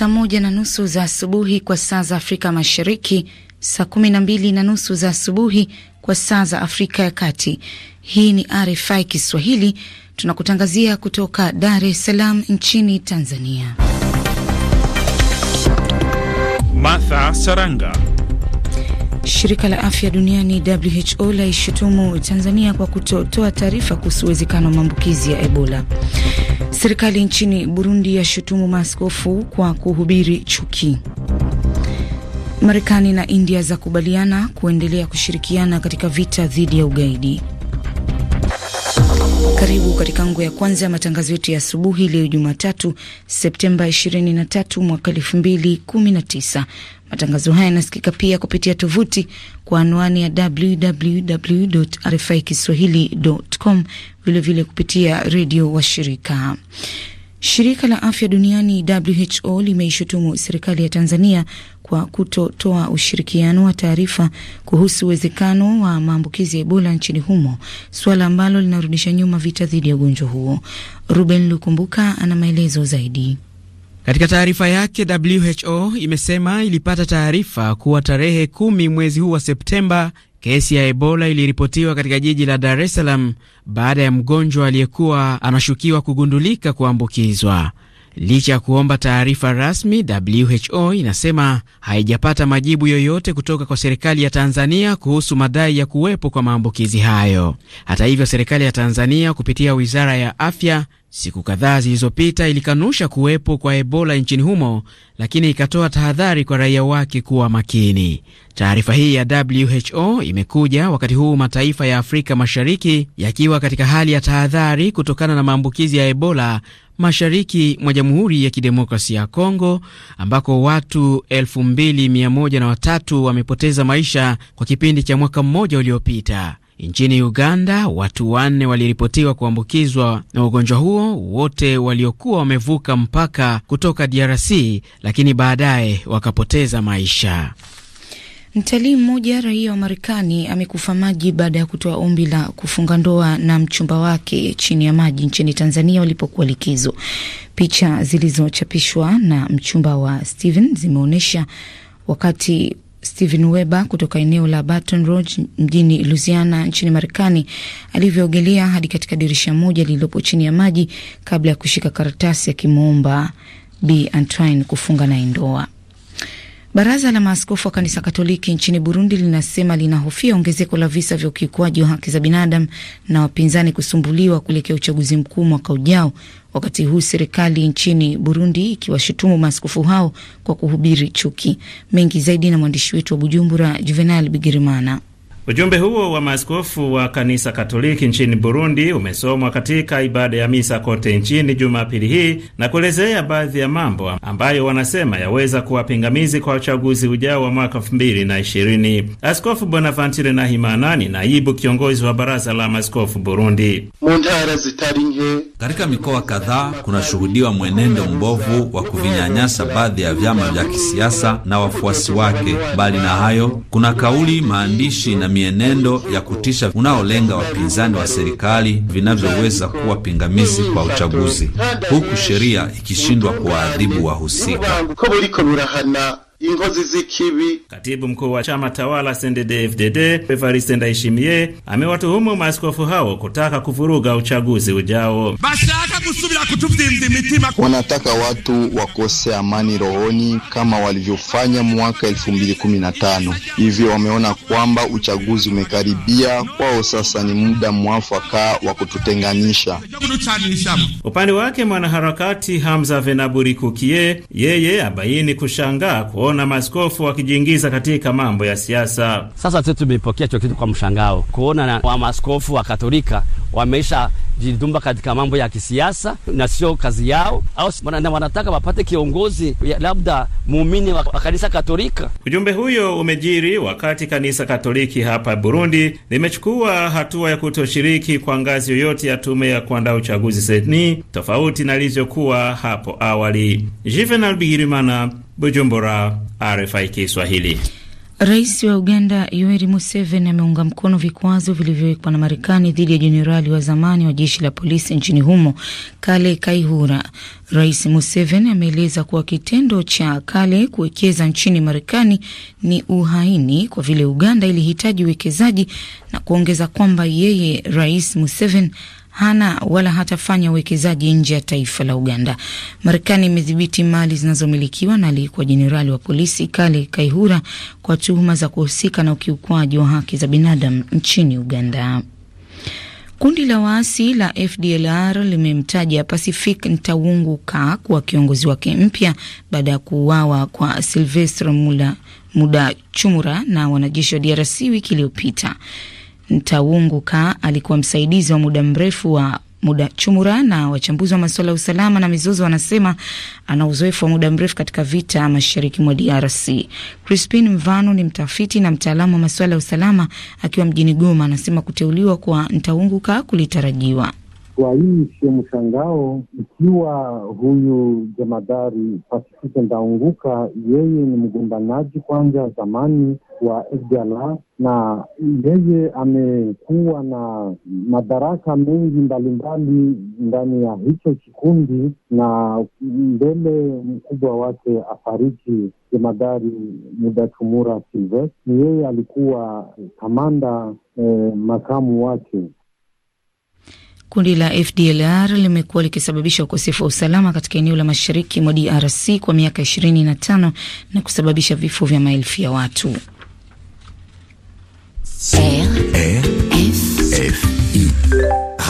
saa moja na nusu za asubuhi kwa saa za Afrika Mashariki, saa kumi na mbili na nusu za asubuhi kwa saa za Afrika ya Kati. Hii ni RFI Kiswahili, tunakutangazia kutoka Dar es Salaam nchini Tanzania. Martha Saranga Shirika la afya duniani WHO laishutumu Tanzania kwa kutotoa taarifa kuhusu uwezekano wa maambukizi ya Ebola. Serikali nchini Burundi yashutumu maaskofu kwa kuhubiri chuki. Marekani na India zakubaliana kuendelea kushirikiana katika vita dhidi ya ugaidi. Karibu katika ngo ya kwanza ya matangazo yetu ya asubuhi leo Jumatatu, Septemba 23 mwaka 2019. Matangazo haya yanasikika pia kupitia tovuti kwa anwani ya www RFI kiswahilicom, vilevile kupitia redio wa shirika. Shirika la afya duniani WHO limeishutumu serikali ya Tanzania kwa kutotoa ushirikiano wa taarifa kuhusu uwezekano wa maambukizi ya Ebola nchini humo, suala ambalo linarudisha nyuma vita dhidi ya ugonjwa huo. Ruben Lukumbuka ana maelezo zaidi. Katika taarifa yake WHO imesema ilipata taarifa kuwa tarehe kumi mwezi huu wa Septemba kesi ya Ebola iliripotiwa katika jiji la Dar es Salaam baada ya mgonjwa aliyekuwa anashukiwa kugundulika kuambukizwa. Licha ya kuomba taarifa rasmi, WHO inasema haijapata majibu yoyote kutoka kwa serikali ya Tanzania kuhusu madai ya kuwepo kwa maambukizi hayo. Hata hivyo, serikali ya Tanzania kupitia wizara ya afya Siku kadhaa zilizopita ilikanusha kuwepo kwa Ebola nchini humo, lakini ikatoa tahadhari kwa raia wake kuwa makini. Taarifa hii ya WHO imekuja wakati huu mataifa ya Afrika Mashariki yakiwa katika hali ya tahadhari kutokana na maambukizi ya Ebola mashariki mwa Jamhuri ya Kidemokrasia ya Kongo ambako watu 2103 wamepoteza maisha kwa kipindi cha mwaka mmoja uliopita. Nchini Uganda, watu wanne waliripotiwa kuambukizwa na ugonjwa huo, wote waliokuwa wamevuka mpaka kutoka DRC, lakini baadaye wakapoteza maisha. Mtalii mmoja raia wa Marekani amekufa maji baada ya kutoa ombi la kufunga ndoa na mchumba wake chini ya maji nchini Tanzania walipokuwa likizo. Picha zilizochapishwa na mchumba wa Steven zimeonyesha wakati Steven Weber kutoka eneo la Baton Rouge mjini Louisiana nchini Marekani alivyoogelea hadi katika dirisha moja lililopo chini ya maji kabla ya kushika karatasi akimwomba Bi Antoine kufunga naye ndoa. Baraza la maaskofu wa kanisa Katoliki nchini Burundi linasema linahofia ongezeko la visa vya ukiukwaji wa haki za binadamu na wapinzani kusumbuliwa kuelekea uchaguzi mkuu mwaka ujao wakati huu serikali nchini Burundi ikiwashutumu maaskofu hao kwa kuhubiri chuki. Mengi zaidi na mwandishi wetu wa Bujumbura, Juvenal Bigirimana. Ujumbe huo wa maaskofu wa kanisa Katoliki nchini Burundi umesomwa katika ibada ya misa kote nchini Jumapili hii na kuelezea baadhi ya mambo ambayo wanasema yaweza kuwa pingamizi kwa uchaguzi ujao wa mwaka 220 Askofu Bonavantire Nahimana ni naibu kiongozi wa baraza la maaskofu Burundi. Katika mikoa kadhaa kunashuhudiwa mwenendo mbovu wa kuvinyanyasa baadhi ya vyama vya kisiasa na wafuasi wake. Mbali na hayo, kuna kauli, maandishi na mienendo ya kutisha unaolenga wapinzani wa serikali vinavyoweza kuwa pingamizi kwa uchaguzi, huku sheria ikishindwa kuwaadhibu wahusika ingozi zikibi. Katibu mkuu wa chama tawala CNDD-FDD Evariste Ndayishimiye amewatuhumu maaskofu hao kutaka kuvuruga uchaguzi ujao. Bashaka kusubira kutuvimba imitima, wanataka watu wakose amani rohoni kama walivyofanya mwaka 2015. Hivyo wameona kwamba uchaguzi umekaribia, kwao sasa ni muda mwafaka wa kututenganisha. Upande wake mwanaharakati Hamza Venaburi Kukie yeye abaini kushangaa kuona maskofu wakijiingiza katika mambo ya siasa. Sasa sisi tumepokea hicho kitu kwa mshangao, kuona wamaskofu wa Katolika wameisha jidumba katika mambo ya kisiasa na sio kazi yao, au wanataka wapate kiongozi labda muumini wa kanisa Katolika. Ujumbe huyo umejiri wakati kanisa Katoliki hapa Burundi limechukua hatua ya kutoshiriki kwa ngazi yoyote ya tume ya kuandaa uchaguzi seni, tofauti na ilivyokuwa hapo awali. Juvenal Bigirimana, Bujumbura, RFI Kiswahili. Rais wa Uganda Yoweri Museveni ameunga mkono vikwazo vilivyowekwa na Marekani dhidi ya jenerali wa zamani wa jeshi la polisi nchini humo Kale Kaihura. Rais Museveni ameeleza kuwa kitendo cha Kale kuwekeza nchini Marekani ni uhaini kwa vile Uganda ilihitaji uwekezaji na kuongeza kwamba yeye Rais Museveni hana wala hatafanya uwekezaji nje ya taifa la Uganda. Marekani imedhibiti mali zinazomilikiwa na aliyekuwa jenerali wa polisi Kale Kaihura kwa tuhuma za kuhusika na ukiukwaji wa haki za binadamu nchini Uganda. Kundi la waasi la FDLR limemtaja Pacific Ntawunguka kuwa kiongozi wake mpya baada ya kuuawa kwa Silvestre Muda Chumura na wanajeshi wa DRC wiki iliyopita. Ntawunguka alikuwa msaidizi wa muda mrefu wa muda Chumura na wachambuzi wa masuala ya usalama na mizozo wanasema ana uzoefu wa muda mrefu katika vita mashariki mwa DRC. Crispin Mvano ni mtafiti na mtaalamu wa masuala ya usalama akiwa mjini Goma, anasema kuteuliwa kwa Ntaunguka kulitarajiwa. Kwa hii sio mshangao ikiwa huyu jamadari Pacifique Ndaunguka, yeye ni mgombanaji kwanza zamani wa FDLR na yeye amekuwa na madaraka mengi mbalimbali ndani ya hicho kikundi, na mbele mkubwa wake afariki jemadari Mudachumura Silvestre, ni yeye alikuwa kamanda eh, makamu wake Kundi la FDLR limekuwa likisababisha ukosefu wa usalama katika eneo la mashariki mwa DRC kwa miaka 25 na kusababisha vifo vya maelfu ya watu. RFI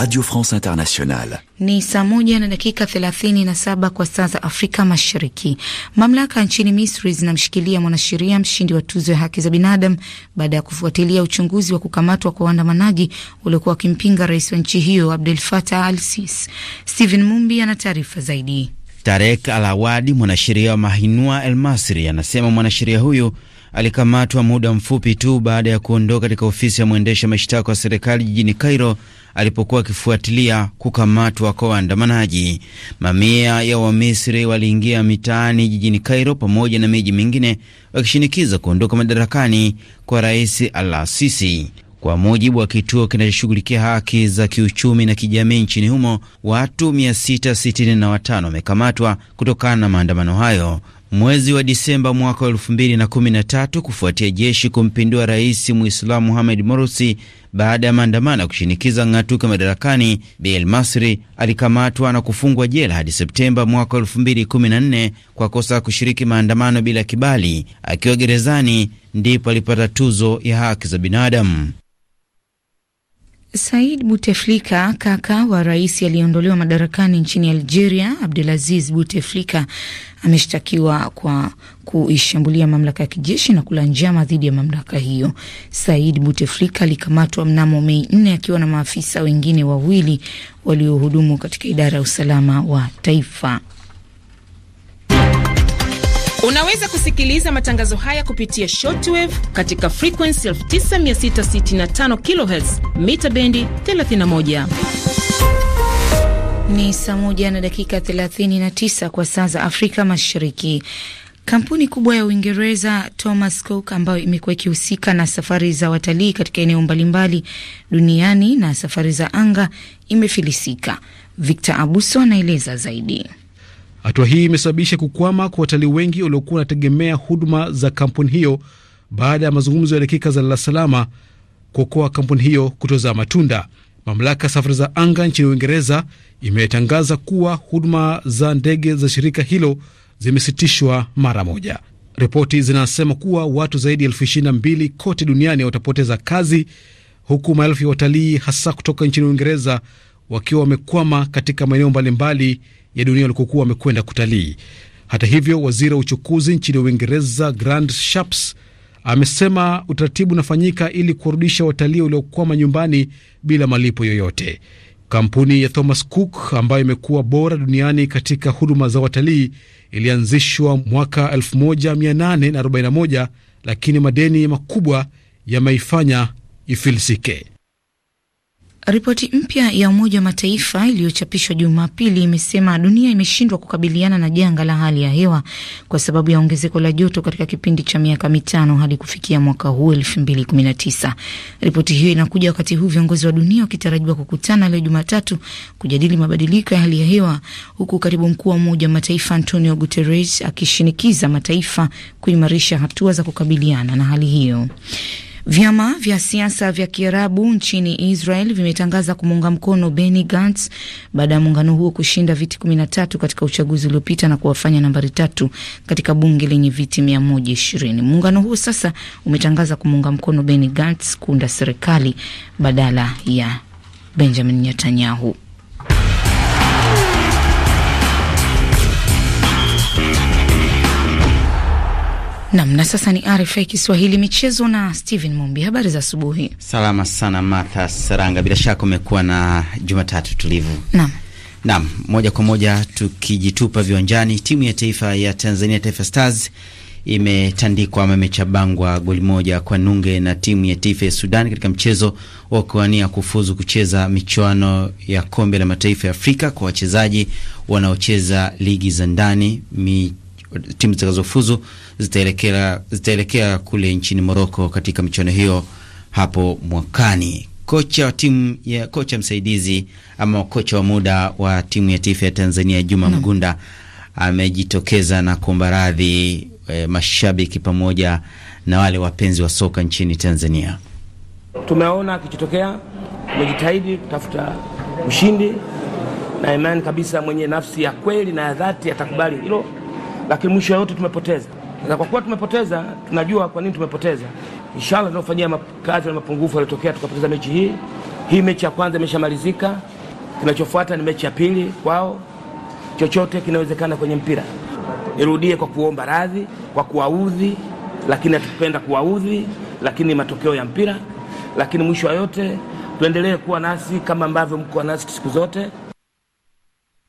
Radio France Internationale. Ni saa moja na dakika 37 kwa saa za Afrika Mashariki. Mamlaka nchini Misri zinamshikilia mwanasheria mshindi wa tuzo ya haki za binadamu baada ya kufuatilia uchunguzi wa kukamatwa kwa waandamanaji waliokuwa wakimpinga rais wa nchi hiyo Abdel Fattah al-Sisi. Steven Mumbi ana taarifa zaidi. Tarek Alawadi, mwanasheria wa Mahinua El Masri, anasema mwanasheria huyo alikamatwa muda mfupi tu baada ya kuondoka katika ofisi ya mwendesha mashtaka wa serikali jijini Cairo alipokuwa akifuatilia kukamatwa kwa waandamanaji. Mamia ya Wamisri waliingia mitaani jijini Cairo pamoja na miji mingine wakishinikiza kuondoka madarakani kwa Rais Al-Sisi. Kwa mujibu wa kituo kinachoshughulikia haki za kiuchumi na kijamii nchini humo, watu 665 wamekamatwa kutokana na maandamano hayo mwezi wa Disemba mwaka wa elfu mbili na kumi na tatu kufuatia jeshi kumpindua rais Muislamu Muhamed Morusi baada ya maandamano ya kushinikiza ng'atuke madarakani, biel Masri alikamatwa na kufungwa jela hadi Septemba mwaka wa elfu mbili kumi na nne kwa kosa ya kushiriki maandamano bila kibali. Akiwa gerezani ndipo alipata tuzo ya haki za binadamu. Said buteflika kaka wa rais aliyeondolewa madarakani nchini Algeria, Abdulaziz buteflika ameshtakiwa kwa kuishambulia mamlaka ya kijeshi na kula njama dhidi ya mamlaka hiyo. Said buteflika alikamatwa mnamo Mei nne akiwa na maafisa wengine wawili waliohudumu katika idara ya usalama wa taifa. Unaweza kusikiliza matangazo haya kupitia shortwave katika frequency 9665 kHz mita bendi 31. Ni saa moja na dakika 39 kwa saa za Afrika Mashariki. Kampuni kubwa ya Uingereza Thomas Cook ambayo imekuwa ikihusika na safari za watalii katika eneo mbalimbali duniani na safari za anga imefilisika. Victor Abuso anaeleza zaidi. Hatua hii imesababisha kukwama kwa watalii wengi waliokuwa wanategemea huduma za kampuni hiyo baada ya mazungumzo ya dakika za lala salama kuokoa kampuni hiyo kutozaa matunda. Mamlaka ya safari za anga nchini Uingereza imetangaza kuwa huduma za ndege za shirika hilo zimesitishwa mara moja. Ripoti zinasema kuwa watu zaidi ya elfu ishirini na mbili kote duniani watapoteza kazi, huku maelfu ya watalii hasa kutoka nchini Uingereza wakiwa wamekwama katika maeneo mbalimbali ya dunia walikokuwa wamekwenda kutalii. Hata hivyo, waziri wa uchukuzi nchini Uingereza Grant Shapps amesema utaratibu unafanyika ili kuwarudisha watalii waliokwama nyumbani bila malipo yoyote. Kampuni ya Thomas Cook ambayo imekuwa bora duniani katika huduma za watalii ilianzishwa mwaka 1841 lakini madeni makubwa yameifanya ifilisike. Ripoti mpya ya Umoja wa Mataifa iliyochapishwa Jumapili imesema dunia imeshindwa kukabiliana na janga la hali ya hewa kwa sababu ya ongezeko la joto katika kipindi cha miaka mitano hadi kufikia mwaka huu 2019. Ripoti hiyo inakuja wakati huu viongozi wa dunia wakitarajiwa kukutana leo Jumatatu kujadili mabadiliko ya hali ya hewa, huku katibu mkuu wa Umoja wa Mataifa Antonio Guterres akishinikiza mataifa kuimarisha hatua za kukabiliana na hali hiyo. Vyama vya siasa vya Kiarabu nchini Israel vimetangaza kumuunga mkono Benny Gantz baada ya muungano huo kushinda viti 13 katika uchaguzi uliopita na kuwafanya nambari tatu katika bunge lenye viti 120. Muungano huo sasa umetangaza kumuunga mkono Benny Gantz kuunda serikali badala ya Benjamin Netanyahu. Nam na sasa ni RFI Kiswahili michezo na Steven Mumbi. Habari za asubuhi. Salama sana Martha Saranga, bila shaka umekuwa na Jumatatu tulivu. Nam Naam, moja kwa moja tukijitupa viwanjani, timu ya taifa ya Tanzania Taifa Stars imetandikwa ama imechabangwa goli moja kwa nunge na timu ya taifa ya Sudan katika mchezo wa kuwania kufuzu kucheza michuano ya kombe la mataifa ya Afrika kwa wachezaji wanaocheza ligi za ndani mi timu zitakazofuzu zitaelekea zitaelekea kule nchini Moroko katika michuano hiyo hapo mwakani. Kocha wa timu ya kocha msaidizi ama kocha wa muda wa timu ya taifa ya Tanzania Juma mm. Mgunda amejitokeza na kuomba radhi e, mashabiki pamoja na wale wapenzi wa soka nchini Tanzania. Tumeona kichotokea, tumejitahidi kutafuta ushindi na imani kabisa mwenye nafsi ya kweli na ya dhati atakubali hilo lakini mwisho yote tumepoteza, na kwa kuwa tumepoteza, tunajua kwa nini tumepoteza. Inshallah tunaofanyia kazi na mapungufu yaliyotokea tukapoteza mechi hii. Hii mechi ya kwanza imeshamalizika, kinachofuata ni mechi ya pili kwao. Chochote kinawezekana kwenye mpira. Nirudie kwa kuomba radhi kwa kuwaudhi, lakini hatukupenda kuwaudhi, lakini matokeo ya mpira. Lakini mwisho wa yote tuendelee kuwa nasi kama ambavyo mko nasi siku zote.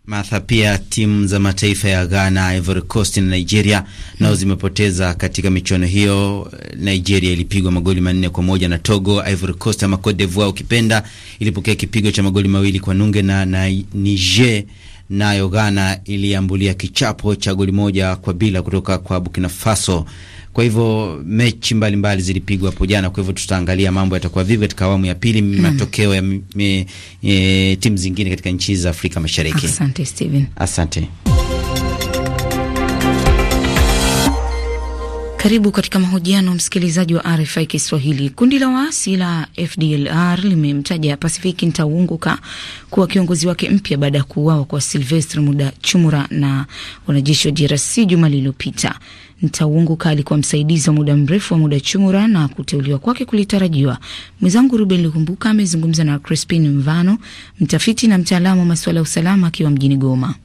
Martha, pia timu za mataifa ya Ghana, Ivory Coast na Nigeria nao hmm. zimepoteza katika michuano hiyo. Nigeria ilipigwa magoli manne kwa moja na Togo. Ivory Coast ama Cote d'Ivoire ukipenda, ilipokea kipigo cha magoli mawili kwa nunge na, na Niger nayo Ghana iliambulia kichapo cha goli moja kwa bila kutoka kwa Burkina Faso. Kwa hivyo mechi mbalimbali zilipigwa hapo jana. Kwa hivyo tutaangalia mambo yatakuwa vipi katika awamu ya pili, hmm. matokeo ya e, timu zingine katika nchi za Afrika Mashariki. Asante Steven. Asante. Karibu katika mahojiano, msikilizaji wa RFI Kiswahili. Kundi la waasi la FDLR limemtaja Pasifiki Ntaunguka kuwa kiongozi wake mpya baada ya kuuawa kwa Silvestre Muda Chumura na wanajeshi wa DRC juma lililopita. Ntaunguka alikuwa msaidizi wa muda mrefu wa Muda Chumura na kuteuliwa kwake kulitarajiwa. Mwenzangu Ruben Lukumbuka amezungumza na Crispin Mvano, mtafiti na mtaalamu wa masuala ya usalama akiwa mjini Goma.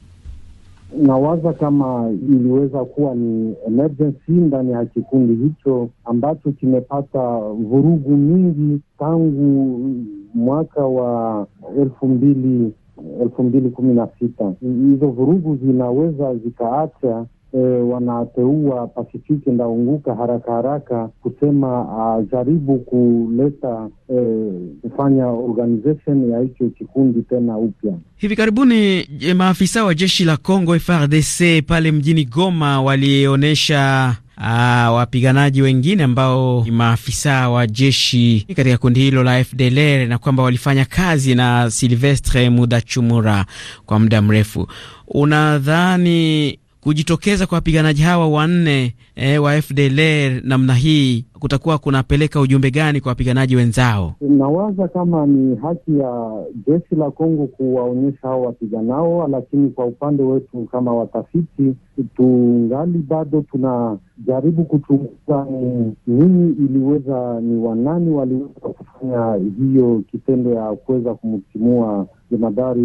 Nawaza kama iliweza kuwa ni emergency ndani ya kikundi hicho ambacho kimepata vurugu mingi tangu mwaka wa elfu mbili elfu mbili kumi na sita. Hizo vurugu zinaweza zikaacha e, wanateua Pasifiki Ndaunguka haraka haraka kusema ajaribu kuleta e, kufanya organization ya hicho kikundi tena upya. Hivi karibuni e, maafisa wa jeshi la Congo frdc pale mjini Goma walionyesha Ah, wapiganaji wengine ambao ni maafisa wa jeshi katika kundi hilo la FDLR na kwamba walifanya kazi na Silvestre Mudachumura kwa muda mrefu. Unadhani kujitokeza kwa wapiganaji hawa wanne e, wa FDLR namna hii kutakuwa kunapeleka ujumbe gani kwa wapiganaji wenzao? Nawaza kama ni haki ya jeshi la Kongo kuwaonyesha hao wapiganao, lakini kwa upande wetu kama watafiti tungali bado tunajaribu kuchunguza ni nini iliweza, ni wanani waliweza kufanya hiyo kitendo ya kuweza kumtimua jemadari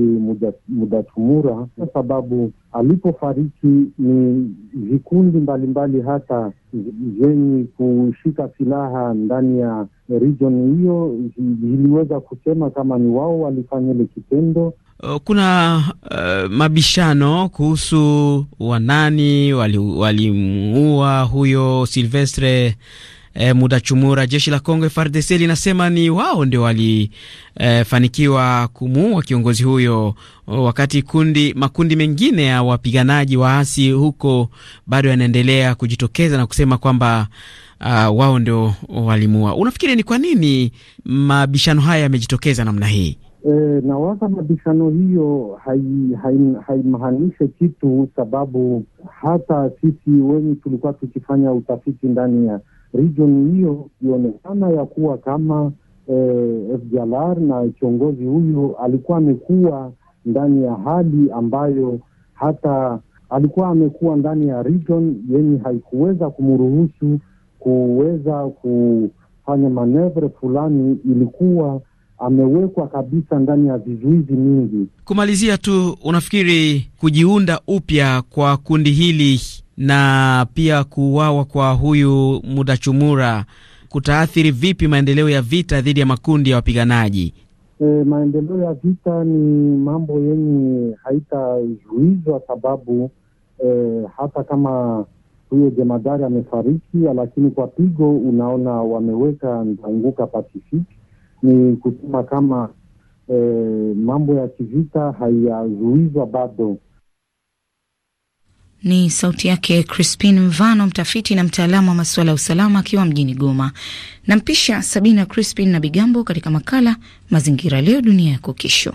Mudatumura, kwa sababu alipofariki ni vikundi mbalimbali hasa vyenye kushika silaha ndani ya region hiyo viliweza kusema kama ni wao walifanya ile kitendo. Uh, kuna uh, mabishano kuhusu wanani walimuua wali huyo Silvestre e, muda chumura. Jeshi la Kongo FARDC linasema ni wao ndio walifanikiwa eh, e, kumuua kiongozi huyo, oh, wakati kundi makundi mengine ya wapiganaji waasi huko bado yanaendelea kujitokeza na kusema kwamba uh, wao ndio walimua. Unafikiri ni kwa nini mabishano haya yamejitokeza namna hii? E, nawaza mabishano hiyo haimaanishe hai, hai kitu, sababu hata sisi wenye tulikuwa tukifanya utafiti ndani ya region hiyo ikionekana ya kuwa kama eh, FDLR na kiongozi huyo alikuwa amekuwa ndani ya hali ambayo hata alikuwa amekuwa ndani ya region yenye haikuweza kumruhusu kuweza kufanya manevre fulani, ilikuwa amewekwa kabisa ndani ya vizuizi mingi. Kumalizia tu, unafikiri kujiunda upya kwa kundi hili na pia kuuawa kwa huyu Mudachumura kutaathiri vipi maendeleo ya vita dhidi ya makundi ya wapiganaji? E, maendeleo ya vita ni mambo yenye haitazuizwa, sababu e, hata kama huyo jemadari amefariki, lakini kwa pigo unaona wameweka nzanguka pasifiki ni kusema kama e, mambo ya kivita hayazuizwa bado. Ni sauti yake Crispin Mvano, mtafiti na mtaalamu wa masuala ya usalama akiwa mjini Goma. Nampisha Sabina Crispin na Bigambo katika makala Mazingira Leo, Dunia Yako Kesho.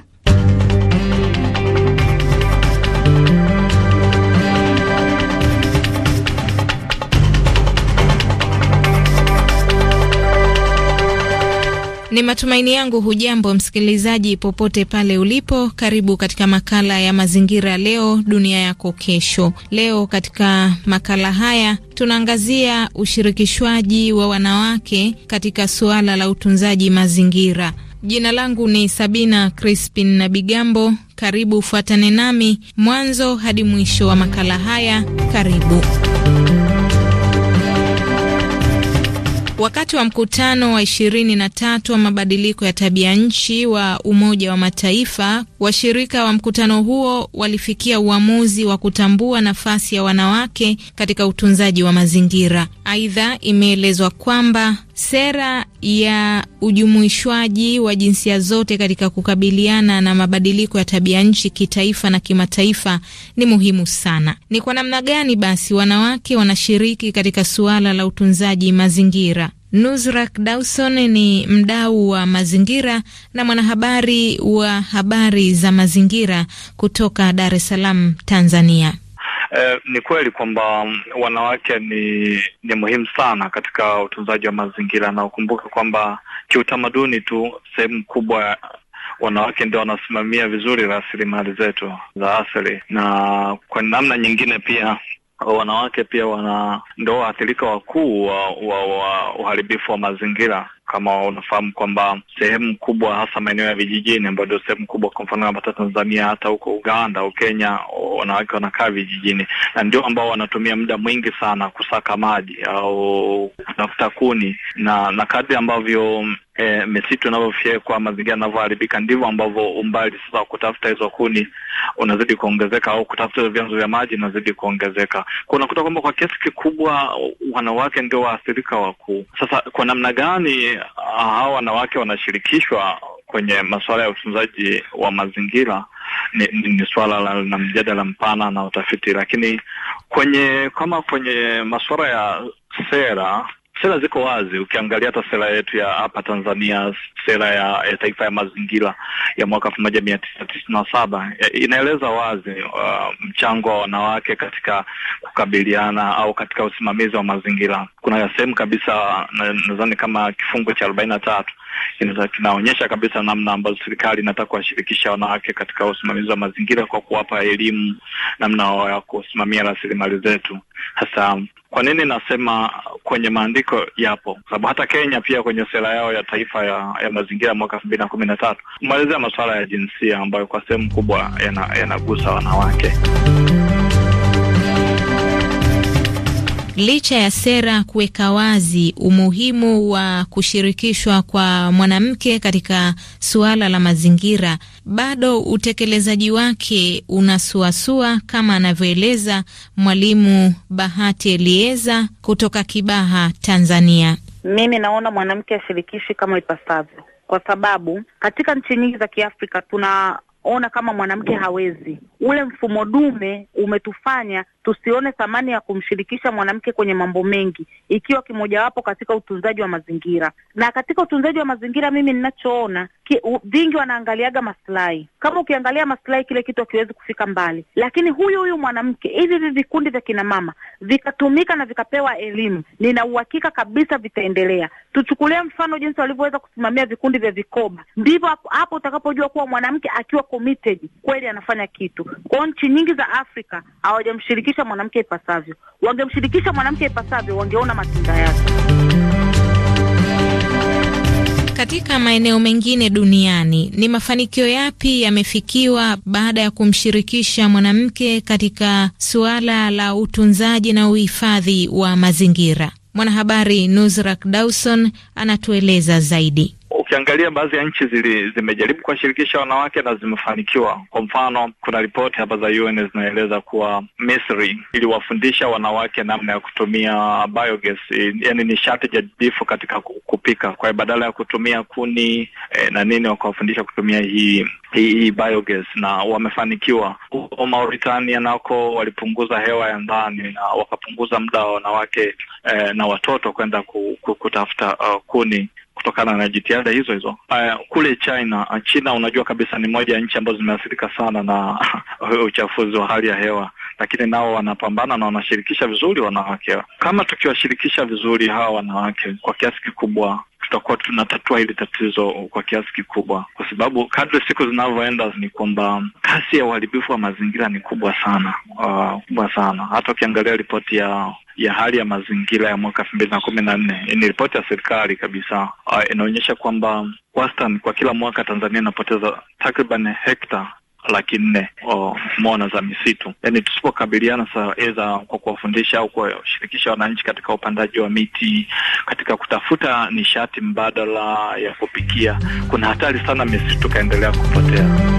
Ni matumaini yangu hujambo msikilizaji, popote pale ulipo. Karibu katika makala ya mazingira, leo dunia yako kesho. Leo katika makala haya tunaangazia ushirikishwaji wa wanawake katika suala la utunzaji mazingira. Jina langu ni Sabina Crispin na Bigambo. Karibu, fuatane nami mwanzo hadi mwisho wa makala haya. Karibu. Wakati wa mkutano wa ishirini na tatu wa mabadiliko ya tabia nchi wa Umoja wa Mataifa, washirika wa mkutano huo walifikia uamuzi wa kutambua nafasi ya wanawake katika utunzaji wa mazingira. Aidha, imeelezwa kwamba Sera ya ujumuishwaji wa jinsia zote katika kukabiliana na mabadiliko ya tabia nchi kitaifa na kimataifa ni muhimu sana. Ni kwa namna gani basi wanawake wanashiriki katika suala la utunzaji mazingira? Nuzrak Dawson ni mdau wa mazingira na mwanahabari wa habari za mazingira kutoka Dar es Salaam, Tanzania. Eh, ni kweli kwamba mm, wanawake ni ni muhimu sana katika utunzaji wa mazingira, na ukumbuke kwamba kiutamaduni tu sehemu kubwa wanawake ndio wanasimamia vizuri rasilimali zetu za asili, na kwa namna nyingine pia wanawake pia wana ndio waathirika wakuu wa uharibifu wa, wa, wa mazingira kama unafahamu kwamba sehemu kubwa hasa maeneo ya vijijini, ambayo ndio sehemu kubwa, kwa mfano hapa Tanzania, hata huko Uganda au Kenya, wanawake wanakaa vijijini na ndio ambao wanatumia muda mwingi sana kusaka maji au kutafuta kuni, na na kadri ambavyo eh, misitu inavyofyekwa, mazingira yanavyoharibika, ndivyo ambavyo umbali sasa wa kutafuta hizo kuni unazidi kuongezeka, au kutafuta vyanzo vya maji unazidi kuongezeka. Kwa unakuta kwamba kwa kiasi kikubwa wanawake ndio waathirika wakuu. Sasa kwa namna gani ah, hawa wanawake wanashirikishwa kwenye masuala ya utunzaji wa mazingira ni, ni, ni suala la, na mjadala mpana na utafiti, lakini kwenye kama kwenye masuala ya sera Sera ziko wazi, ukiangalia hata sera yetu ya hapa Tanzania, sera ya, ya taifa ya mazingira ya mwaka elfu moja mia tisa tisini na saba inaeleza wazi uh, mchango wa wanawake katika kukabiliana au katika usimamizi wa mazingira. Kuna sehemu kabisa nadhani kama kifungu cha arobaini na tatu tunaonyesha kabisa namna ambazo serikali inataka kuwashirikisha wanawake katika usimamizi wa mazingira kwa kuwapa elimu namna ya kusimamia rasilimali zetu. hasa kwa nini nasema kwenye maandiko yapo? sababu hata Kenya pia kwenye sera yao ya taifa ya, ya mazingira mwaka elfu mbili na kumi na tatu kumalizia masuala ya jinsia ambayo kwa sehemu kubwa yanagusa yana wanawake. licha ya sera kuweka wazi umuhimu wa kushirikishwa kwa mwanamke katika suala la mazingira, bado utekelezaji wake unasuasua, kama anavyoeleza Mwalimu Bahati Elieza kutoka Kibaha, Tanzania. Mimi naona mwanamke ashirikishi kama ipasavyo, kwa sababu katika nchi nyingi za Kiafrika tuna ona kama mwanamke hawezi. Ule mfumo dume umetufanya tusione thamani ya kumshirikisha mwanamke kwenye mambo mengi, ikiwa kimojawapo katika utunzaji wa mazingira. Na katika utunzaji wa mazingira, mimi ninachoona vingi wanaangaliaga maslahi. Kama ukiangalia maslahi, kile kitu hakiwezi kufika mbali. Lakini huyu huyu mwanamke, hivi hivi vikundi vya kinamama vikatumika na vikapewa elimu, nina uhakika kabisa vitaendelea. Tuchukulie mfano jinsi walivyoweza kusimamia vikundi vya vikoba, ndivyo hapo utakapojua kuwa mwanamke akiwa committed kweli anafanya kitu. Kwa nchi nyingi za Afrika hawajamshirikisha mwanamke ipasavyo. Wangemshirikisha mwanamke ipasavyo, wangeona matunda yake. Katika maeneo mengine duniani, ni mafanikio yapi yamefikiwa baada ya kumshirikisha mwanamke katika suala la utunzaji na uhifadhi wa mazingira? Mwanahabari Nusrak Dawson anatueleza zaidi ukiangalia baadhi ya nchi zili, zimejaribu kuwashirikisha wanawake na zimefanikiwa. Kwa mfano, kuna ripoti hapa za UN zinaeleza kuwa Misri iliwafundisha wanawake namna ya kutumia biogas, yani nishati jadidifu katika kupika. Kwa hiyo badala ya kutumia kuni e, na nini, wakawafundisha kutumia hii hii biogas na wamefanikiwa. Huko Mauritania nako walipunguza hewa ya ndani na wakapunguza muda wa wanawake eh, na watoto kwenda ku, ku, kutafuta uh, kuni kutokana na jitihada hizo hizo kule China. China unajua kabisa ni moja ya nchi ambazo zimeathirika sana na uchafuzi wa hali ya hewa, lakini nao wanapambana na wanashirikisha vizuri wanawake. Kama tukiwashirikisha vizuri hawa wanawake kwa kiasi kikubwa, tutakuwa tunatatua hili tatizo kwa kiasi kikubwa, kwa sababu kadri siku zinavyoenda ni kwamba kasi ya uharibifu wa mazingira ni kubwa sana, uh, kubwa sana. Hata ukiangalia ripoti ya ya hali ya mazingira ya mwaka elfu mbili na kumi na nne ni ripoti ya serikali kabisa, uh, inaonyesha kwamba wastani kwa kila mwaka Tanzania inapoteza takriban hekta laki nne mona za misitu. Yani tusipokabiliana saeza kwa kuwafundisha au kuwashirikisha wananchi katika upandaji wa miti, katika kutafuta nishati mbadala ya kupikia, kuna hatari sana misitu tukaendelea kupotea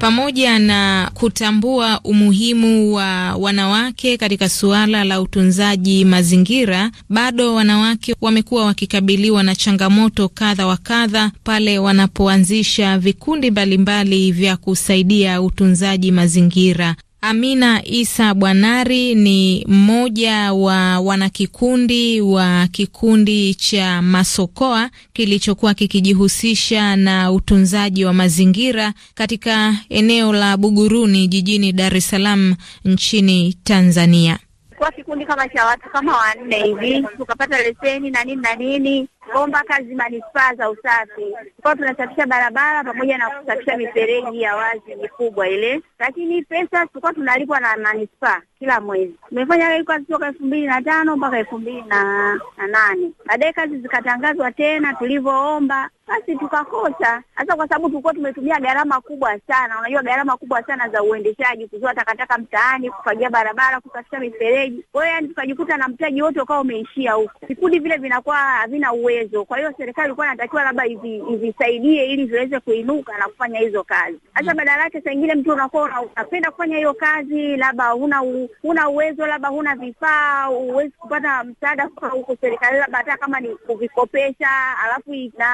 pamoja na kutambua umuhimu wa wanawake katika suala la utunzaji mazingira, bado wanawake wamekuwa wakikabiliwa na changamoto kadha wa kadha pale wanapoanzisha vikundi mbalimbali vya kusaidia utunzaji mazingira. Amina Isa Bwanari ni mmoja wa wanakikundi wa kikundi cha Masokoa kilichokuwa kikijihusisha na utunzaji wa mazingira katika eneo la Buguruni jijini Dar es Salaam nchini Tanzania. Kwa kikundi kama cha watu kama wanne hivi tukapata leseni na nini na nini bomba kazi manispaa za usafi, kwa tunasafisha barabara pamoja na kusafisha mifereji ya wazi mikubwa ile, lakini pesa tulikuwa tunalipwa na manispaa kila mwezi. Tumefanya hii kazi toka elfu mbili na tano mpaka elfu mbili na nane. Baadaye kazi zikatangazwa tena tulivyoomba basi tukakosa hasa, kwa sababu tulikuwa tumetumia gharama kubwa sana. Unajua gharama kubwa sana za uendeshaji, kuzoa takataka mtaani, kufagia barabara, kusafisha mifereji. Kwa hiyo, yani tukajikuta na mtaji wote ukawa umeishia huko, vikundi vile vinakuwa havina uwezo. Kwa hiyo, serikali ilikuwa inatakiwa labda ivisaidie ili viweze kuinuka na kufanya hizo kazi. Hasa badala yake, saa ingine mtu unakuwa unapenda kufanya hiyo kazi, labda huna huna uwezo, labda huna vifaa, huwezi kupata msaada kutoka huko serikali, labda hata kama ni kuvikopesha, alafu na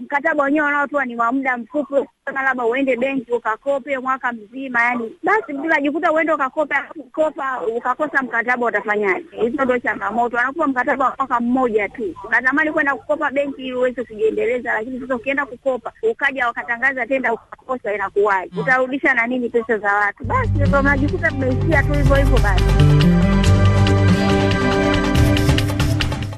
mkataba wenyewe wanaotoa ni wa muda mfupi, kama labda uende benki ukakope mwaka mzima, yani basi unajikuta uende ukakope, alafu kopa ukakosa mkataba, utafanyaje? Hizo ndio changamoto. Anakupa mkataba wa mwaka mmoja tu, unatamani kwenda kukopa benki ili uweze kujiendeleza, lakini sasa ukienda kukopa ukaja wakatangaza tenda ukakosa, inakuwaje? Utarudisha na nini pesa za watu? Basi ndio unajikuta mmeishia tu hivyo hivyo basi.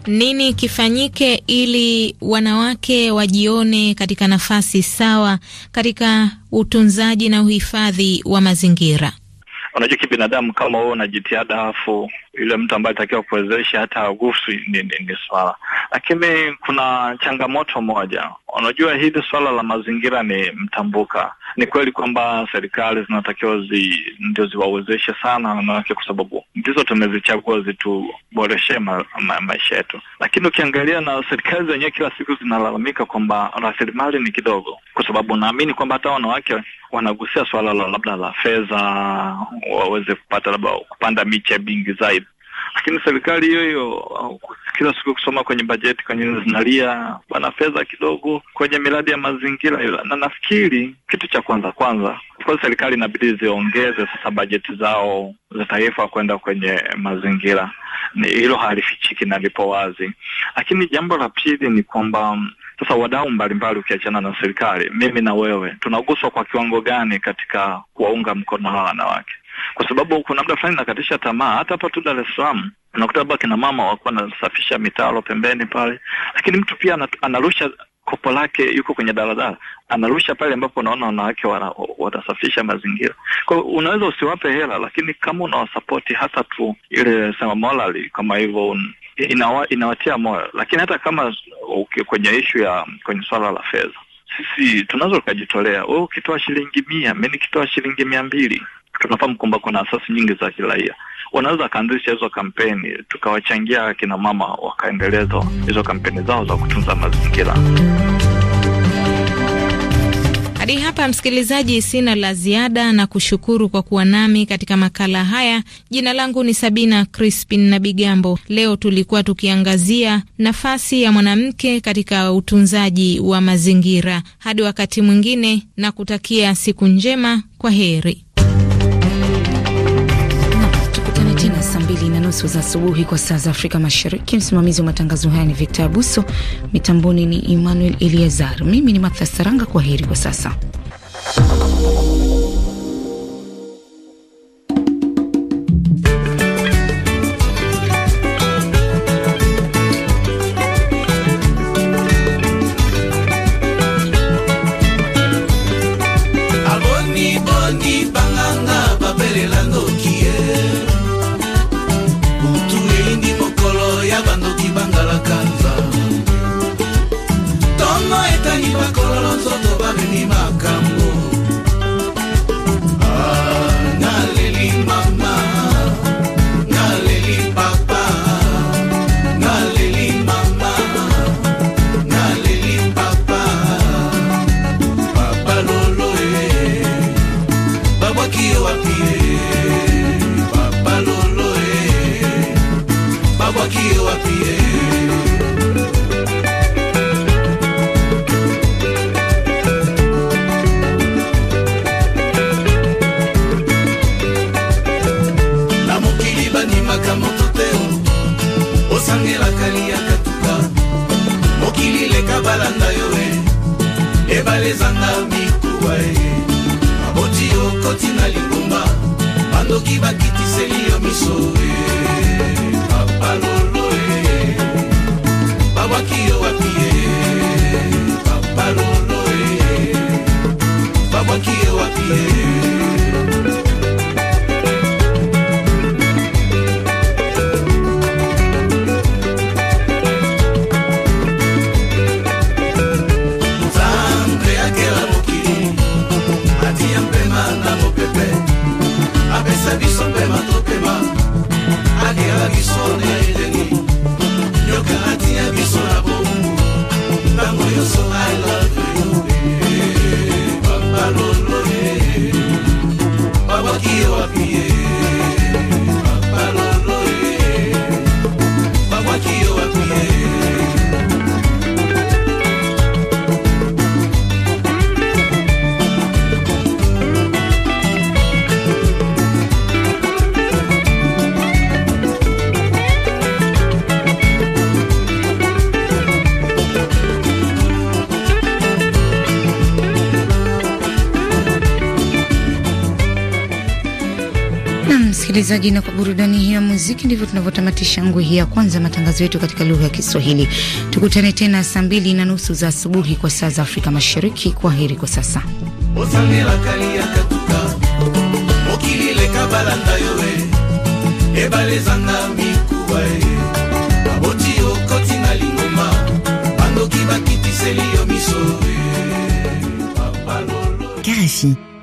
Nini kifanyike ili wanawake wajione katika nafasi sawa katika utunzaji na uhifadhi wa mazingira? Unajua, kibinadamu kama wewe una jitihada, alafu yule mtu ambaye atakiwa kuwezesha hata agusi, ni, ni, ni swala. Lakini kuna changamoto moja, unajua hili swala la mazingira ni mtambuka ni kweli kwamba serikali zinatakiwa zi, ndio ziwawezeshe sana wanawake, kwa sababu ndizo tumezichagua zituboreshe ma, ma, maisha yetu. Lakini ukiangalia na serikali zenyewe kila siku zinalalamika kwamba rasilimali ni kidogo, kwa sababu naamini kwamba hata wanawake wanagusia swala la labda la fedha, waweze kupata labda kupanda miche mingi zaidi lakini serikali hiyo hiyo kila siku kusoma kwenye bajeti kwenye zinalia wana fedha kidogo kwenye miradi ya mazingira, na nafikiri kitu cha kwanza kwanza kwa serikali inabidi ziongeze sasa bajeti zao za taifa kwenda kwenye mazingira. Ni hilo halifichiki na lipo wazi, lakini jambo la pili ni kwamba mm, sasa wadau mbalimbali ukiachana na serikali, mimi na wewe tunaguswa kwa kiwango gani katika kuwaunga mkono hawa wanawake? kwa sababu kuna muda fulani nakatisha tamaa. Hata hapa tu Dar es Salaam unakuta labda kina mama wakuwa wanasafisha mitaro pembeni pale, lakini mtu pia anarusha kopo lake, yuko kwenye daladala anarusha pale ambapo unaona wanawake watasafisha mazingira. Kwa hiyo unaweza usiwape hela, lakini kama unawasapoti hata tu ile sema morali kama hivyo inawa, inawatia moyo. Lakini hata kama okay, kwenye ishu ya kwenye swala la fedha sisi tunaweza ukajitolea wewe ukitoa shilingi mia, mi nikitoa shilingi mia mbili tunafahamu kwamba kuna asasi nyingi za kiraia, wanaweza wakaanzisha hizo kampeni, tukawachangia akina mama wakaendeleza hizo kampeni zao za kutunza mazingira. Hadi hapa msikilizaji, sina la ziada na kushukuru kwa kuwa nami katika makala haya. Jina langu ni Sabina Crispin na Bigambo. Leo tulikuwa tukiangazia nafasi ya mwanamke katika utunzaji wa mazingira. Hadi wakati mwingine, na kutakia siku njema. Kwa heri. tena saa mbili na nusu za asubuhi kwa saa za Afrika Mashariki. Msimamizi wa matangazo haya ni Victor Abuso, mitamboni ni Emmanuel Eliazar, mimi ni matha Saranga. Kwa heri kwa sasa. ebale ezanga mikuwa ye baboti okoti na lingumba bandoki bakitiseli yo miso ye msikilizaji, na kwa burudani hii ya muziki ndivyo tunavyotamatisha ngwe hii ya kwanza matangazo yetu katika lugha ya Kiswahili. Tukutane tena saa mbili na nusu za asubuhi kwa saa za Afrika Mashariki. Kwa heri kwa sasa.